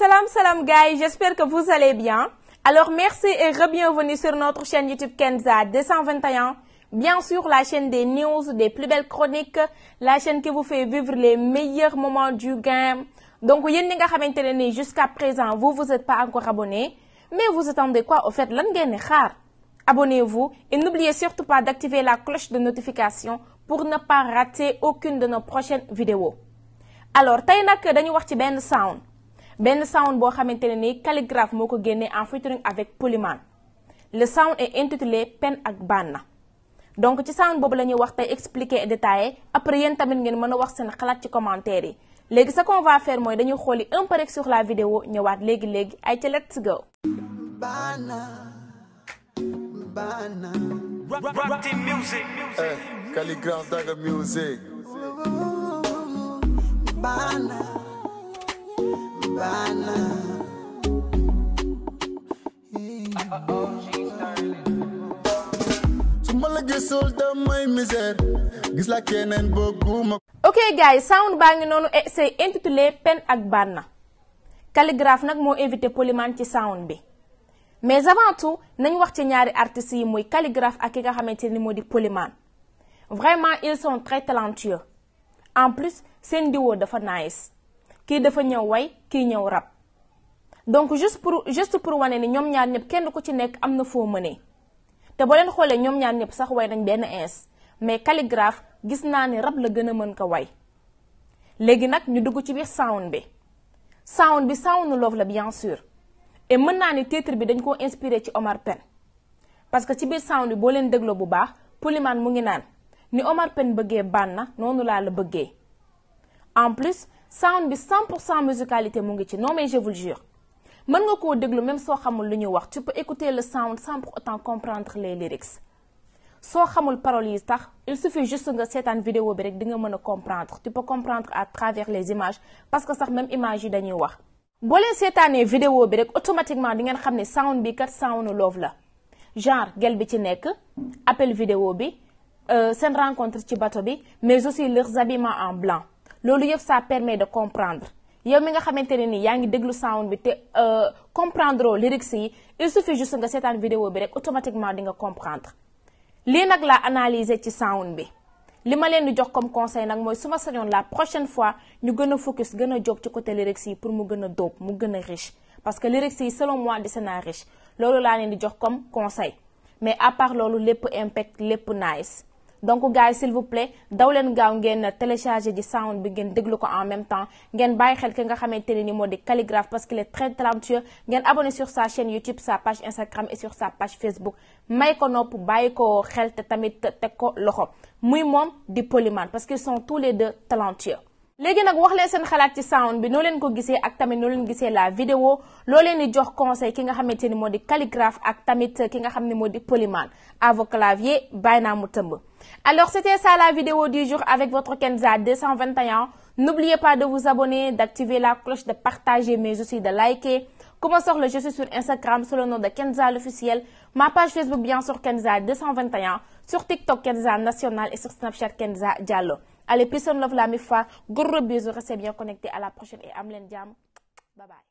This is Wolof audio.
Salam, salam, guys. J'espère que vous allez bien. Alors, merci et bienvenue sur notre chaîne YouTube Kenza 221. Bien sûr, la chaîne des news, des plus belles chroniques, la chaîne qui vous fait vivre les meilleurs moments du game. Donc, jusqu'à présent, vous vous êtes pas encore abonné. Mais vous attendez quoi au fait Abonnez-vous et n'oubliez surtout pas d'activer la cloche de notification pour ne pas rater aucune de nos prochaines vidéos. Alors, nous avons ben sound ben sound bo xamante ni calligraphe moko guenné en featuring avec Polyman le sound est intitulé Pen ak Banna donc ci sound bobu la wax tay expliquer et détailler après yéen tamit ngeen mëna wax seen xalat ci commentaire Légui ce qu'on va faire moy dañuy xoli un peu rek sur la vidéo ñëwaat légui légui ay ca let's go. Banna Banna. Rock Music. Eh, calligraphe Daga Music. Banna. Havana. su ma la gisul damay misère gis la keneen bëgguma. ok gars sound baa ngi noonu eh, essai intitulé Peine ak Bana Calligraphe nag moo invité Polymane ci sound bi mais avant tout nañ wax ci ñaari artistes yi muy Calligraphe ak ki nga xamante ni moo di vraiment ils sont très talentueux en plus seen diwo dafa nice. kii dafa ñëw way kii ñëw rab donc juste pour juste pour wane ni ñoom ñaar ñëpp kenn ku ci nekk am na foo mënee te boo leen xoolee ñoom ñaar ñëpp sax way nañ benn ins mais calligraphe gis naa ni rab la gën a mën ko way léegi nag ñu dugg ci biir sound bi sound bi sound loof la bien sûr et mën naa ni titre bi dañ koo inspiré ci Omar Pène parce que ci biir sound bi boo leen dégloo bu baax Puliman mu ngi naan ni Omar Pène bëggee bànna noonu laa la bëggee plus sound bi 100% musicalité mo non mais je vous le jure man nga ko déglu même so xamul lu wax tu peux écouter le sound sans pour autant comprendre les lyrics so xamul paroles yi tax il suffit juste nga seetaan vidéo bi rek di nga comprendre tu peux comprendre à travers les images parce que sax même image yi dañuy wax. bo leen seetaanee vidéo bi rek automatiquement di nga xamné sound bi kat sound love la genre gel bi ci nek appel vidéo bi rencontres euh, rencontre ci bateau bi mais aussi leurs habillements en blanc lolu yëpp ça permet de comprendre yow mi nga xamanteni ne nii yaa sound bi te euh, comprendre lyrics yi il suffit juste nga seetaan vidéo bi rek automatiquement di nga comprendre li nak la analyser ci sound bi li ma leen di jox comme conseil nak moy suma ma la prochaine fois ñu gëna focus gëna job ci côté lyrics yi pour mu gëna dope mu gëna riche parce que lyrics yi selon moi di sena riche lolu la len di jox comme conseil mais à part lolu lepp impact lepp nice donc gars s'il vous plaît daw leen téléchargez télécharger ji sound bi ngeen ko en même temps Gen bàyyi xel ki nga xamante de ni moo calligraphe parce qu'il est très talentueux abonnez abonné sur sa chaîne YouTube sa page Instagram et sur sa page Facebook may ko nopp bàyyi ko xel te tamit teg ko loxo muy mom di polyman. parce qu'ils sont tous les deux talentueux léegi nak wax leen sen xalaat ci sound bi no leen ko gisee ak tamit gisee la vidéo lo leen ni jox conseil ki nga xamante ni calligraphe ak tamit ki nga xamni ne moo polyman à vos mu alors c'était ça la vidéo du jour avec votre Kenza 221 n'oubliez pas de vous abonner d'activer la cloche de partager mais aussi de liker Comment sort le je suis sur Instagram sous le nom de Kenza l'officiel ma page Facebook bien sûr Kenza 221 sur TikTok Kenza national et sur Snapchat Kenza Diallo Allez, peace and love la mi hein. Gros bisous, restez bien connectés. À la prochaine et amlen diam. Bye bye.